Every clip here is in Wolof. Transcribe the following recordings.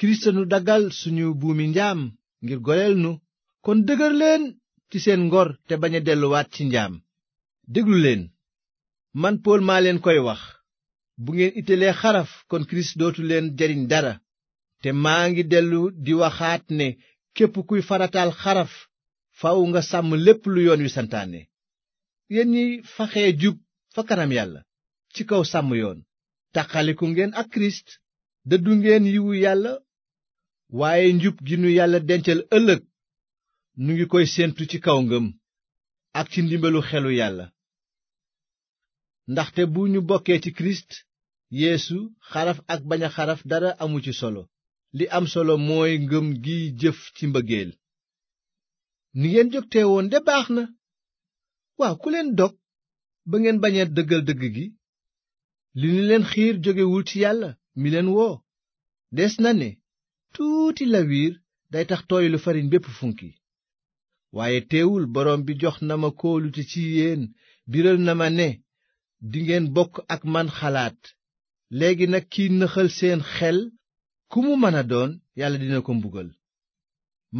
kirist nu daggal suñu buumi njaam ngir goreel nu kon dëgër leen ci seen ngor te bañ a delluwaat ci njaam déglu leen man pool maa leen koy wax bu ngeen italee xaraf kon kirist dootu leen jariñ dara te maa ngi dellu di waxaat ne képp kuy faratal xaraf faw nga sàmm lépp lu yoon wi santaane yéen ñi faxee jub fa kanam yàlla ci kaw sàmm yoon taqaliku ngeen ak kirist dëddu ngeen yiwu yàlla waaye njub gi nu yàlla dencal ëllëg nu ngi koy séentu ci kaw ngëm ak ci ndimbalu xelu yàlla ndaxte bu ñu bokkee ci kirist yéesu xaraf ak bañ xaraf dara amu ci solo li am solo mooy ngëm gi jëf ci mbëggeel ni ngeen jógtee woon de baax na waaw ku leen dog ba ngeen bañee dëggal dëgg gi li ni leen xiir jógewul ci yàlla mi leen woo des na ne tuuti lawiir day tax tooy lu farine bépp funki waaye teewul borom bi jox na ma kóolute ci yéen biral na ma ne dingeen bokk ak man xalaat léegi nag kiy nëxal seen xel ku mu mën a doon yàlla dina ko mbugal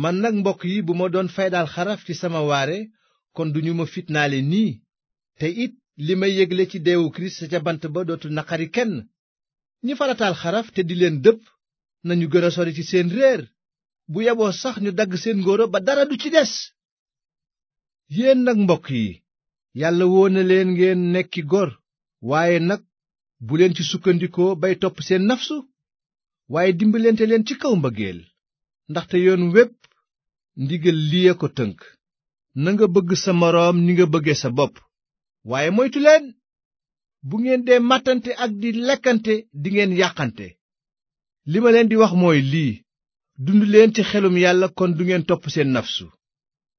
man nag mbokk yi bu ma doon faydaal xaraf ci sama waare kon duñu ma fitnaale nii te it li may yégle ci deewu kirist ca bant ba dootul naqari kenn ñi farataal xaraf te di leen dëpp nañu gën a sori ci seen réer bu yeboo sax ñu dagg seen ngóora ba dara du ci des yéen nag mbokk yi yàlla woo na leen ngeen nekki gor waaye nag bu leen ci sukkandikoo bay topp seen nafsu waaye dimbalante leen ci kaw mbëggeel ndaxte yoon wépp ndigal lii ko tënk na nga bëgg sa moroom ni nga bëggee sa bopp waaye moytu leen bu ngeen dee màttante ak di lekkante dingeen yàqante li ma leen di wax mooy lii dund leen ci xelum yàlla kon du ngeen topp seen nafsu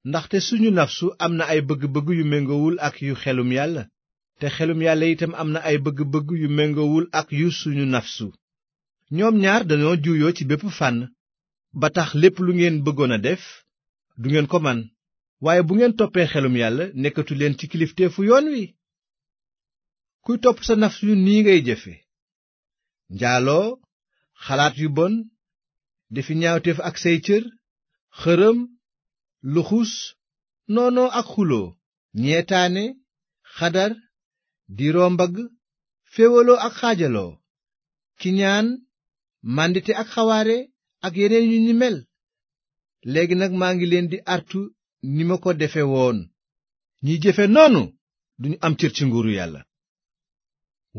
ndaxte suñu nafsu am na ay bëgg-bëgg yu méngowul ak yu xelum yàlla te xelum yàlla itam am na ay bëgg-bëgg yu méngowul ak yu suñu nafsu ñoom ñaar dañoo juuyoo ci bépp fànn ba tax lépp lu ngeen bëggoon a def du ngeen ko man waaye bu ngeen toppee xelum yàlla nekkatu leen ci kilifteefu yoon wi kuy topp sa nafsu nii ngay jëfe njaaloo xalaat yu bon defi ñaawteef ak say cër xërëm luxus noonoo ak xuloo ñeetaane xadar diiroo mbagg féewaloo ak xaajaloo ñaan màndite ak xawaare ak yeneen yu ni mel léegi nag maa ngi leen di artu ni ma ko defe woon ñiy jëfe noonu duñu am cër ci nguuru yàlla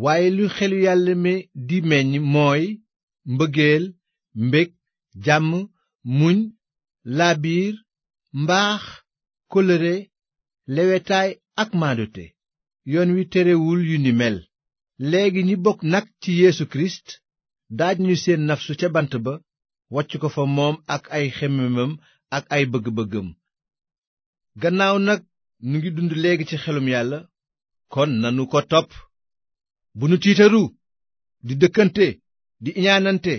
waaye lu xelu yàlla mi di meññ mooy mbëggeel mbég jàmm muñ laabiir mbaax kóllëre lewetaay ak maandute yoon wi terewul yu ni mel léegi ñi bokk nag ci yéesu Kirist daaj ñu seen nafsu ca bant ba wàcc ko fa moom ak ay xemmemam ak ay bëgg-bëggam gannaaw nag nu ngi dund léegi ci xelum yàlla kon nanu ko topp bu nu tiitaru di dëkkante di iñaanante